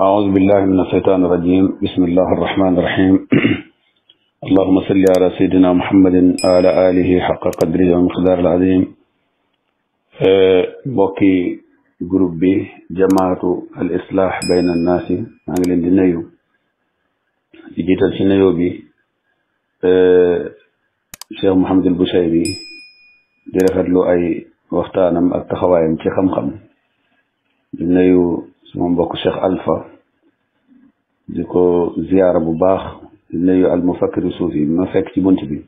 أعوذ بالله من الشيطان الرجيم بسم الله الرحمن الرحيم اللهم صل على سيدنا محمد وعلى آله حق قدره ومقدار العظيم آه، بوكي جروب بي جماعة الإصلاح بين الناس عن الدنيو جيت الشنيو بي آه، شيخ محمد البشيري دي رفت له أي وقتانم التخوائم taxawaayam خم xam suma mbokk Cheikh Alpha di ziyaara bu baax di nuyu almufakkiri suufi bi ma fekk ci bunt bi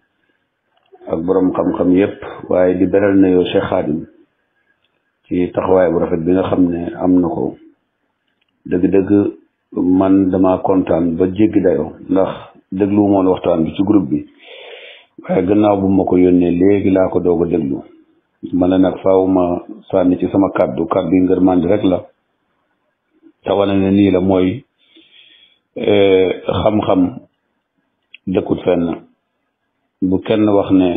ak boroom xam-xam yépp waaye di na yoo Cheikh Xaadim ci taxawaay bu rafet bi nga xam ne am na ko dëgg-dëgg man dama kontaan ba jéggi dayoo ndax déglu moon waxtaan bi ci group bi waaye gannaaw bu ma ko yónnee léegi laa ko doog a déglu man la nag faaw ma sànni ci sama kàddu kàddu yi ngërmandi rek la te wane ne nii la mooy xam-xam dëkkut fenn bu kenn wax ne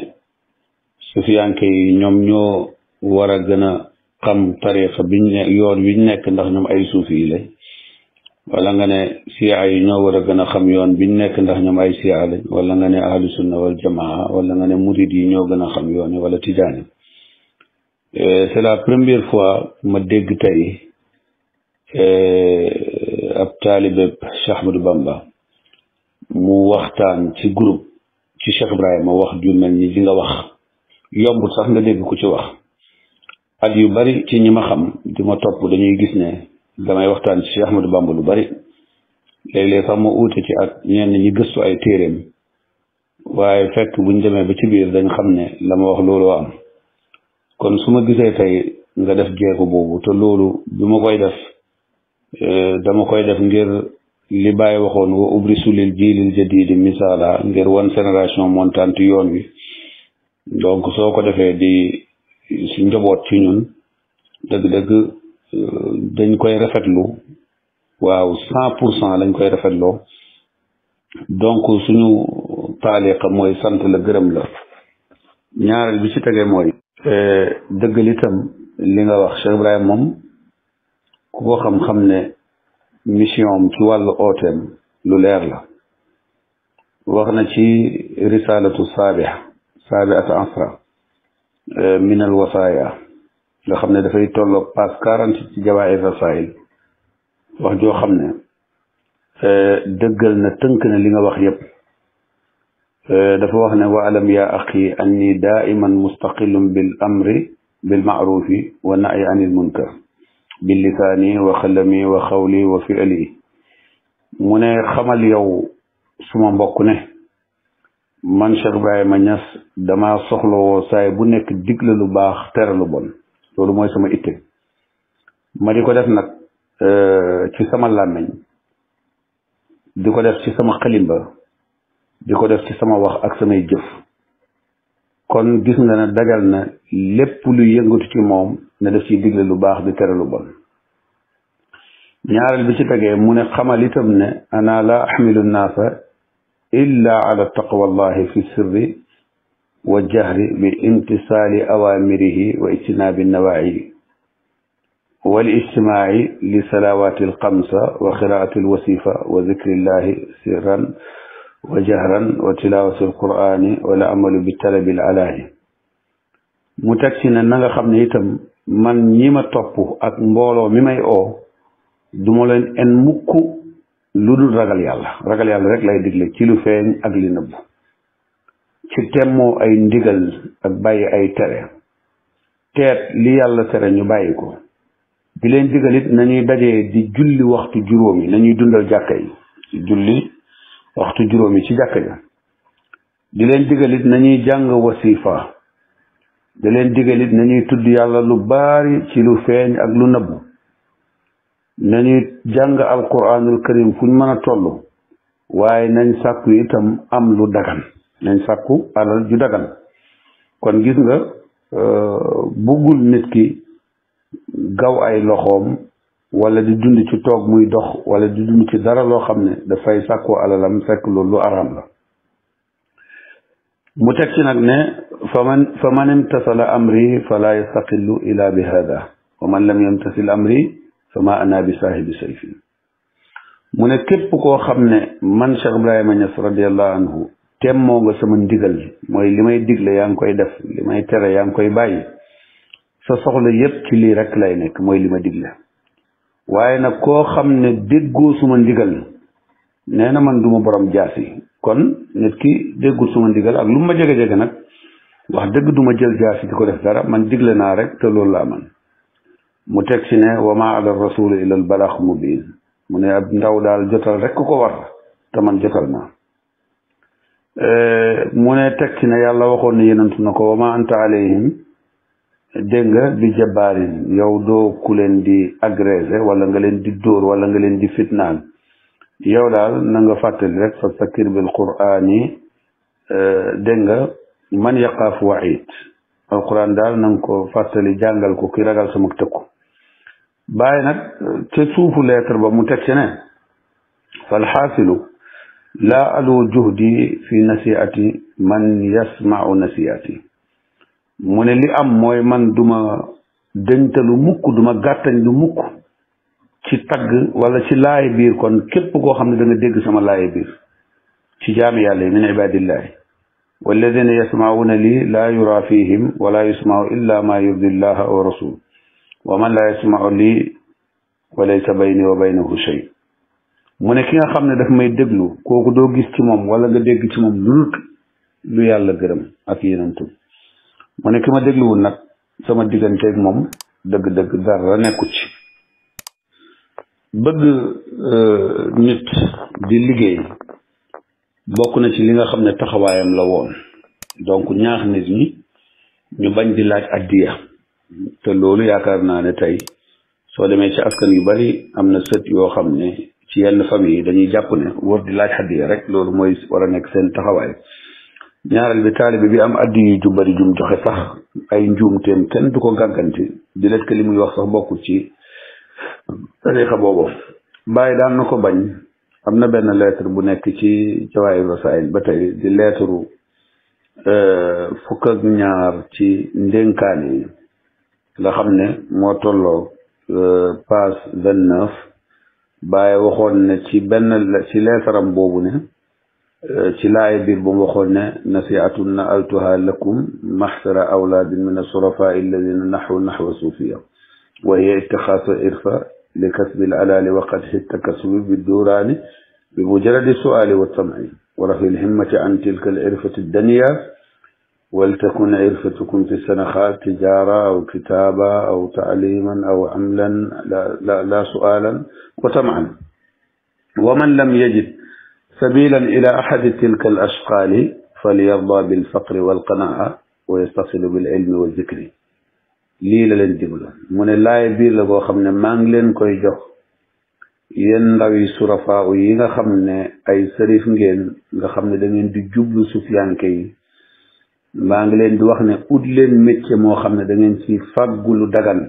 sufiyanke yi ñoom ñoo war a gën a xam tariqa biñ ne yoon wiñ nekk ndax ñoom ay suufi yi lañ wala nga ne siyaa yi ñoo war a gën a xam yoon biñ nekk ndax ñoom ay siyaa lañ wala nga ne ahlu sunna wal jamaa wala nga ne murid yi ñoo gën a xam yoon wala tijaani c'est la première fois ma dégg tey Eh, ab taalibe Cheikh Ahmadou Bamba mu waxtaan ci groupe ci Cheikh Ibrahima wax ju mel ni nga wax yombul sax nga dégg ko ci wax at yu bari ci ñi ma xam di ma topp dañuy gis ne damay waxtaan ci Cheikh Ahmadou Bamba lu bari léeg-léeg sax ma uute ci ak ñenn ñi gëstu ay téeréem waaye fekk buñ demee ba ci biir dañ xam ne la wax loolu am kon su ma gisee tey nga def jeexu boobu te loolu bi ma koy def Euh, dama koy def ngir li Baye waxoon wa ubri sulil jiilil jadidi misaala ngir wan génération montante yoon wi donc soo ko defee di si njaboot ci ñun dëgg-dëgg euh, dañ koy rafetlu waaw cent pour cent lañ koy rafetloo donc suñu taaliqa mooy sant la gërëm la ñaareel bi ci tege mooy euh, dëgg litam li nga wax Cheikh Ibrahima moom ku ko xam-xam ne mission am ci wàllu ooteem lu leer la wax na ci risalatu saabiha saabiata asra min al wasaaya nga xam ne dafay tolloo passe quarante ci jawaahir rasail wax joo xam ne dëggal na tënk na li nga wax yépp dafa wax ne waalam ya axi anni daiman mustaqilun bil amri bil maarufi wa nayi anil munkar bi lisaani wa xalami wa xawli wa fi'li mu ne xamal yow suma mbokk ne man Cheikh Ibrahima Niass dama soxlawoo saay bu nekk digle lu baax tere lu bon loolu mooy sama itte ma di ko def nag euh, ci sama làmmiñ di ko def ci sama xalimba di ko def ci sama wax ak samay jëf kon gis nga ne dagal na lépp lu yëngatu ci moom na def ci digle lu baax di tere lu bon ñaaral bi ci tegee mu ne xamal itam ne ana la ahmilu nnaasa illa ala taqwa allahi fi sirri wa jahri bi imtisali awamirihi wa ijtinaabi nawaayi والاجتماع لصلوات القمصة وقراءة الوصيفة وذكر الله سرا وجهرا وتلاوة القرآن والعمل بالطلب العلاني متكسنا نغا خمنا يتم man ñi ma topp ak mbooloo mi may oo du leen en mukk lu dul ragal yàlla ragal yàlla rek lay digle ci lu feeñ ak li nëbbu ci temmoo ay ndigal ak bàyyi ay tere teet li yàlla tere ñu bàyyi ko di leen digal it nañuy dajee di julli waxtu juróom yi nañuy dundal jàkka yi julli waxtu juróom yi ci jàkka ja di leen digal it nañuy jàng wasifa da leen digalit nañuy tudd yàlla lu baari ci lu feeñ ak lu nëbbu nañuy jàng alquranul karim fuñ mën a toll waaye nañ sàkku itam am lu dagan nañ sàkku alal ju dagan kon gis nga euh, buggul nit ki gaw ay loxoom wala di dund ci toog muy dox wala di dund ci dara loo xam ne dafay sàkku alalam fekk loolu araam la mu teg ci nag ne فمن فمن امتثل أمري فلا يستقل إلا بهذا ومن لم يمتثل أمري فما أنا بصاحب سيف mu ne képp koo xam ne man Cheikh Ibrahima Niass radiallahu anhu temmoo nga sama ndigal mooy li may digle yaa ngi koy def li may tere yaa ngi koy bàyyi sa soxla yépp ci lii rek lay nekk mooy li ma digle waaye nag koo xam ne déggoo suma ndigal nee na man du ma borom jaasi kon nit ki déggul suma ndigal ak lu ma jege jege nag wax dëgg duma jël jaasi di ko def dara man digle naa rek te loolu laa man mu teg ci ne wa ma ala rasul illa al balaax mubin mu ne ab ndaw daal jotal rek ku ko war te man jotal naa e, mu ne teg ci ne yàlla waxoon ne yenentu na ko wa ma anta alayhim dégg nga bi jabaarin yow doo ku leen di agressé wala nga leen di dóor wala nga leen di fitnaal yow daal na nga fàttali rek fa sakir bil qur'ani e, dégg nga من يقاف وعيد القران دال نانكو فاتلي جانغال كو كي راغال سمك تكو باي نك تي سوفو با فالحاصل لا الو جهدي في نسيئتي من يسمع نسيئتي من لي ام موي من دوما دنتلو موكو دوما غاتاني دو موكو ci tag wala ci laay biir kon képp koo xam ne da nga dégg sama laay biir ci jaamu yàlla yi walladina yasmauna lii laa yura fihim wala yusmau illa ma yurdi llaha wa rasul wa man laa yasmau lii walaysa bayni wa baynahu shay mu ne ki nga xam ne daf may déglu kooku moom wala nga dégg ci moom lu lu yàlla gërëm ak yenentu mu ne ki ma dégluwul nag sama digganteeg moom dëgg-dëgg dara nekku ci bëgg euh, nit di liggéey bokk na ci li nga xam ne taxawaayam la woon donc ñaax nit ñi ñu bañ di laaj addiya te loolu yaakaar naa ne tey soo demee ci askan yu bari am na sët yoo xam ne ci yenn famille yi dañuy jàpp ne war di laaj addiya rek loolu mooy war a nekk seen taxawaay ñaareel bi taalibe bi am addi yu ju bari jum joxe sax ay njuumteem kenn du ko gàgganti di lekk li muy wax sax bokkul ci tarixa boobu bàyyi daan na ko bañ amna ben lettre bu nek ci jawaahir rasaayil ba tey di lettre euh fuk ak ñaar ci ndénkaan la xamne mo ne euh tolloo page vingt neuf bàyyi waxoon ne ci benn ci leetaram boobu ne ci laay biir bu waxon waxoon ne nasihatun na lakum mahsara awladin min asurafa alladhina naxwu nahwa suufiya wa hiya ittixaasu irfa لكسب العلال وقد حت كسب الدوران بمجرد السؤال والطمع ورفع الهمة عن تلك العرفة الدنيا ولتكن عرفتكم في السنخات تجارة أو كتابة أو تعليما أو عملا لا, لا, لا سؤالا وطمعا ومن لم يجد سبيلا إلى أحد تلك الأشقال فليرضى بالفقر والقناعة ويتصل بالعلم والذكر lii la leen jublu mu ne laay biir la boo xam ne maa ngi leen koy jox yéen ndaw yi yi nga xam ne ay sërif ngeen nga xam ne dangeen di jublu sufiyanke yi maa ngi leen di wax ne ut leen métier moo xam ne dangeen ci fàggu lu dagan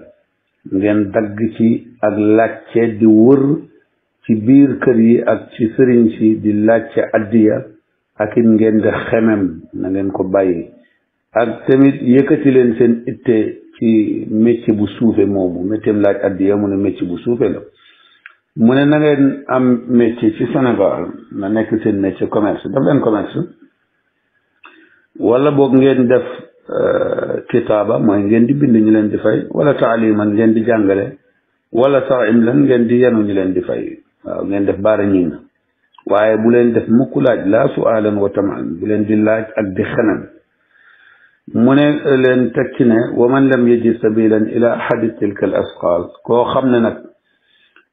ngeen dagg ci ak làcce di wër ci biir kër yi ak ci sëriñ si di làcce addiya ak it ngeen di xemem na ko bàyyi ak tamit yëkkati leen seen itte ci métier bu suufe moomu métier laaj addiya mu ne métier bu suufe la mu ne na ngeen am métier ci Sénégal na nekk seen ci commerce def leen commerce wala boog ngeen def euh, kitaaba mooy ngeen di bind ñu leen di fay wala taaliman ngeen di jàngale wala sax im lan ngeen di yenu ñu leen di fay waaw ngeen def baara ñi na waaye bu leen def mukk laaj laa su alan wa bu leen di laaj ak di xenam من لن تكن ومن لم يجي سبيلا الى احد تلك الاثقال كو خمنا نك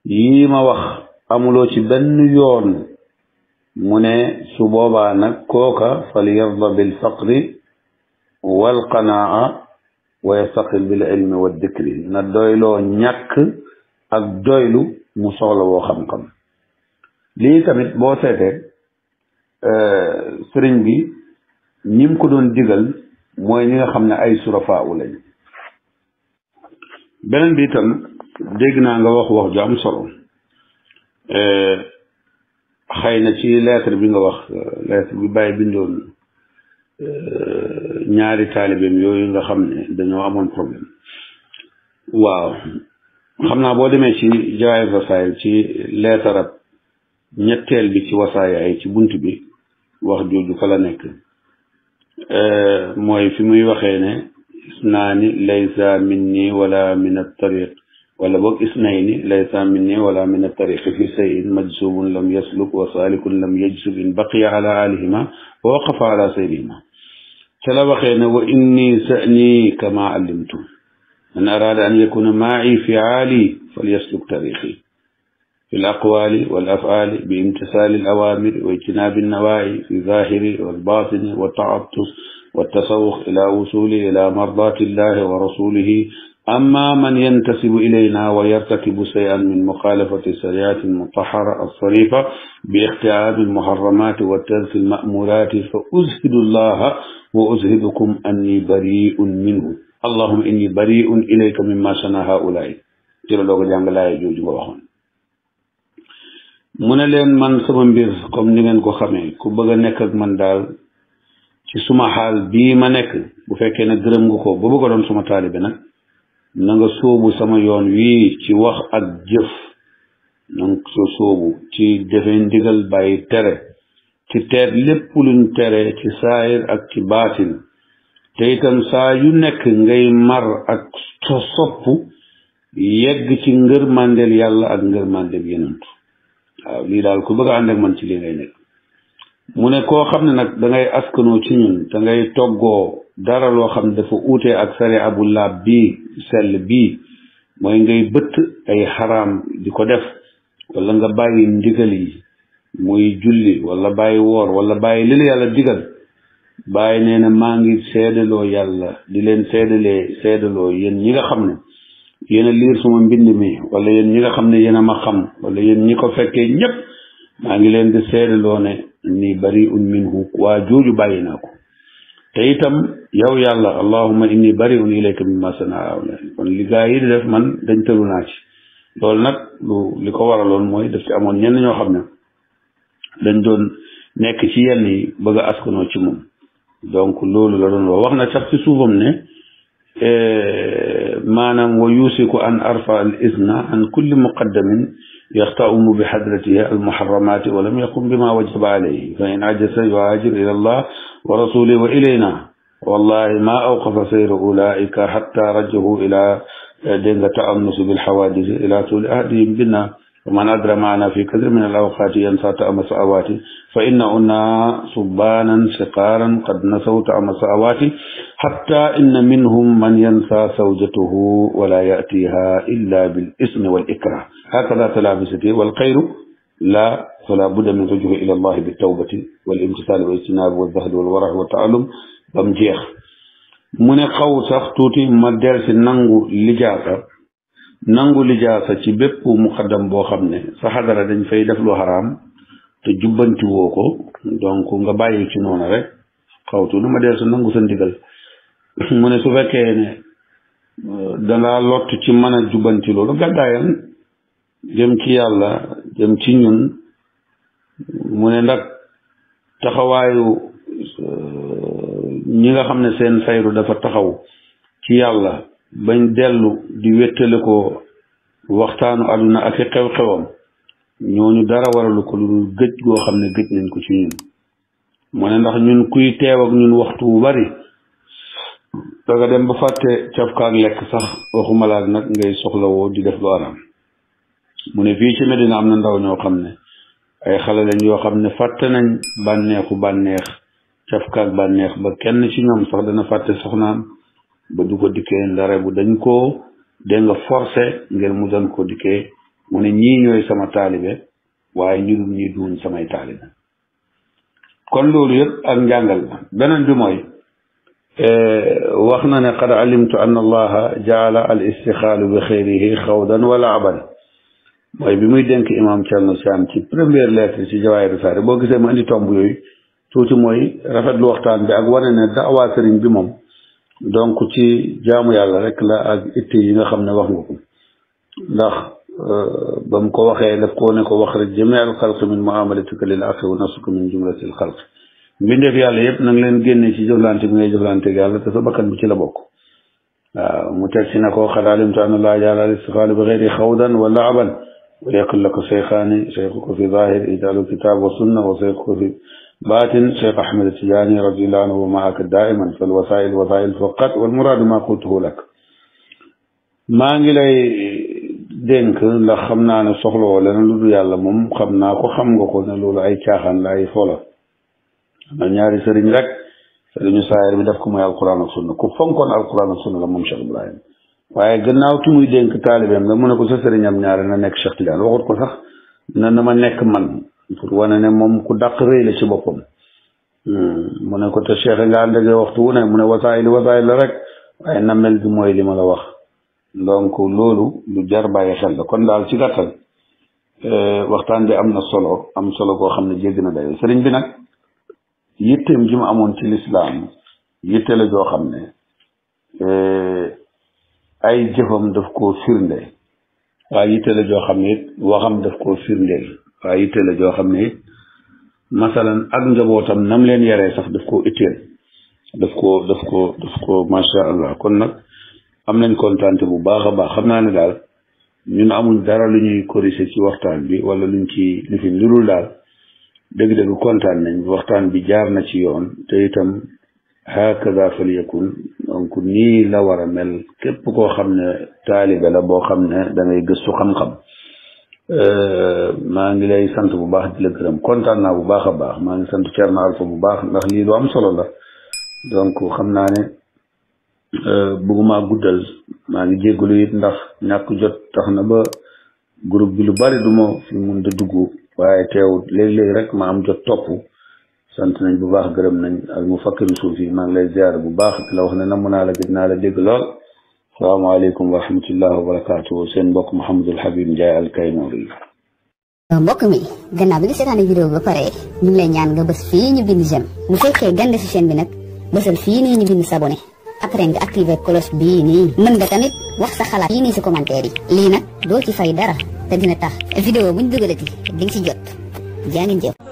ييما وخ امولو شي بن يون من سبوبا نك كوكا فليرضى بالفقر والقناعه ويستقل بالعلم والذكر ندويلو نياك اك دويلو مصولو خم خم لي تاميت بو سيتي ا آه، سرين بي نيم كو دون ديغال mooy ñi nga xam ne ay surafaa u lañ beneen bi itam dégg naa nga wax wax ju am solo eh, xëy na ci lettre bi nga wax lettre bi bàyyi bindoon eh, ñaari taalibeem yooyu nga xam ne dañoo amoon problème waaw xam naa boo demee ci jawaayir wasaayil ci lettre ñetteel bi ci wasaaya ci bunt bi wax jooju fa la nekk آه، موي في موي وخي ني اسناني ليس مني ولا من الطريق ولا بوك اسنين ليس مني ولا من الطريق في شيء مجزوم لم يسلك وصالك لم يجزب بقي على عالهما ووقف على سيرهما تلا وخي واني ساني كما علمت من اراد ان يكون معي في عالي فليسلك طريقي في الأقوال والأفعال بامتثال الأوامر واجتناب النواهي في الظاهر والباطن والتعطف والتسوق إلى وصول إلى مرضاة الله ورسوله أما من ينتسب إلينا ويرتكب شيئا من مخالفة الشريعة المطهرة الصريفة باختيار المحرمات وترك المأمورات فأزهد الله وأزهدكم أني بريء منه اللهم إني بريء إليك مما سنى هؤلاء ترى لوغ لا يجوز يجوج mu ne leen man sama mbir comme ni ngeen ko xamee ku bëgg a nekk ak man daal ci suma xaal bi ma nekk bu fekkee ne gërëm nga ko ba bëgg a doon suma taalibe nag na nga sóobu sama yoon wii ci wax ak jëf na nga sóobu ci defe ndigal bàyyi tere ci teet lépp luñ tere ci saayir ak ci baatin te itam saa yu nekk ngay mar ak sopp yegg ci ngërmandeel yàlla ak ngërmandeel yenentu waaw lii daal ku bëgg a ànd man ci li ngay nekk mu ne koo xam ne nag da ngay askanoo ci ñun da ngay toggoo dara loo xam ne dafa uute ak sare abu laab bii sell bii mooy ngay bëtt ay xaraam di ko def wala nga bàyyi ndigal yi muy julli wala bàyyi woor wala bàyyi li la yàlla digal bàyyi nee na maa ngi seedaloo yàlla di leen seedalee seedaloo yéen ñi nga xam ne yéen a liir suma mbind mi wala yéen ñi nga xam ne yéen a ma xam wala yéen ñi ko fekkee ñëpp maa ngi leen di seedaloo ne ni bari un minhu waa jooju bàyyi naa ko te itam yow yàlla allahuma inni bari un ilayka mimma sanaaw kon li yi di def man dañ tëlu naa ci loolu nag lu li ko waraloon mooy daf ci amoon ñenn ñoo xam ne dañ doon nekk ci yenn yi bëgg a askanoo ci moom donc loolu la doon wax na sax ci suufam ne eh, مانم ويوسك أن أرفع الإذن عن كل مقدم يختأم بحضرته المحرمات ولم يقم بما وجب عليه فإن عجز يهاجر إلى الله ورسوله وإلينا والله ما أوقف سير أولئك حتى رجعوا إلى دينة تأنس بالحوادث إلى طول أهدهم بنا ومن أدرى معنا في كثير من الأوقات ينسى تأم سأواتي فإن أنا صبانا سقارا قد نسوا تأم سأواتي حتى إن منهم من ينسى زوجته ولا يأتيها إلا بالإثم والإكراه هكذا تلامسته والخير لا فلا بد من رجوع إلى الله بالتوبة والامتثال والاجتناب والزهد والورع والتعلم بمجيخ من قوس أختوتي مدرس النانغو ننغو لجاكا nangu jaasa ci bépp muqaddam boo xam ne sa xadara dañ fay def lu haram te jubbanti woo ko donc nga bàyyi ci noonu rek xawtu na ma deel sa nangu sa ndigal mu ne su fekkee ne euh, dalaa lott ci mën a jubbanti loolu gàddaayam jëm ci yàlla jëm ci ñun mu ne ndax taxawaayu euh, ñi nga xam ne seen sayru dafa taxaw ci yàlla bañ dellu di wéttale ko waxtaanu àdduna ak i xew-xewam ñooñu dara waralu ko lu gëj goo xam ne gëj nañ ko ci ñun mu ne ndax ñun kuy teew ak ñun waxtu wu bari danga dem ba fàtte cafkaak lekk sax waxuma laak nag ngay soxlawoo di def lu araam mu ne fii ci Medina am na ndaw ñoo xam ne ay xale lañ yoo xam ne fàtte nañ bànneexu bànneex cafkaak bànneex ba kenn ci ñoom sax dana fàtte soxnaam ba du ko dikkee ndare bu dañ koo dégg nga forcé ngir mu doon ko dikkee mu ne ñii ñooy sama taalibe waaye ñu dul ñi duuñ samay taalibe kon loolu yëpp ak njàngal la beneen bi mooy wax na ne qad alimtu an allaha jaala al istixaalu bi xayrihi xawdan wala aban mooy bi muy dénk imam Thierno Siam ci première lettre ci jawaayiru saare boo gisee ma indi tomb yooyu tuuti mooy rafetlu waxtaan bi ak wane ne dawaa sëriñ bi moom donc ci jaamu yàlla rek la ak itte yi nga xam ne wax nga ko ndax ba mu ko waxee daf ko ne ko wax rek jamii al min muamalatika lil axi wa nafsuka min jumlati al xalq yàlla yëpp na nga leen ci jëflante bi ngay jëflanteeg yàlla te sa bakkan bi ci la bokk mu teg ci ne ko xad alimtu an allah bi xeyri xawdan wa laaban wa yaqul laka seyxaani seyxuka fi zahir ijaalu kitaab wa sunna باتن شيخ أحمد التجاني رضي الله عنه ومعك دائما في الوسائل وسائل فقط والمراد ما قلته لك ما نجلي دينك لا خمنا أنا صخلو ولا نلود يا الله مم خمنا كو خمغو كنا لولا أي كاهن لا أي فلا من ياري سرني لك سرني سائر بدفكم يا القرآن والسنة كفن كون القرآن والسنة لما مشغل بلاين waye gannaaw ci muy denk talibem la muné ko sa serigne am ñaar na nek cheikh tidiane waxut pour wane ne moom ku dàq rëy la ci boppam hmm. mu ne ko te cheikh nga àndegee waxtu wu ne mu ne wasaayil wasaayil la rek waaye namel bi mooy li ma la wax donc loolu lu jar bàyyi xel la kon daal ci gàttal eh, waxtaan bi am na solo am solo koo xam ne jéggi na dayo sëriñ bi nag yitteem ji mu amoon ci lislaam yitte la joo xam ne eh, ay jëfam daf koo firnde waaye yitte la joo xam ne waxam daf koo firndeel waaye itteel la joo xam ne masalan ak njabootam nam leen yaree sax daf ko itteel daf ko daf ko daf koo macha allah kon nag am nañ kontaante bu baax a baax xam naa ne daal ñun amuñ dara lu ñuy corriger ci waxtaan bi wala luñ ci li fi lurul daal dëgg-dëgg kontaan nañ waxtaan bi jaar na ci yoon te itam hakada fal yakun donc nii la war a mel képp koo xam ne taalibe la boo xam ne da ngay gëstu xam-xam maa ngi lay sant bu baax di la gërëm kontaan naa bu baax a baax maa ngi sant Thierno Alpha bu baax ndax lii lu am solo la donc xam naa ne euh, bëgguma guddal maa ngi jéggalu ndax ñàkk jot tax na ba grup bi lu bari du ma fi mun da duggu waaye tew léeg-léeg rek ma am jot topp sant nañ bu baax gërëm nañ al mu fakkiru suuf yi maa ngi lay ziar bu baax di la wax ne namm naa la gis naa la dégg lool salaamaaleykum wa rahmatullahi wa barakaatu seen mbokk Mouhamadul Habib Ndiaye Alkaynori. mbok mi ganna bi nga seetaane vidéo ba pare ñu lay ñaan nga bëss fi ñu bind jëm bu fekkee gande ci chaîne bi nak bëssal fi ni ñu bind s'abonné après nga activer cloche bi ni mën nga tamit wax sa xalaat fii nii si commentaire yi lii nag doo ci fay dara te dina tax vidéo buñ dugalati di nga si jot jaa jëf.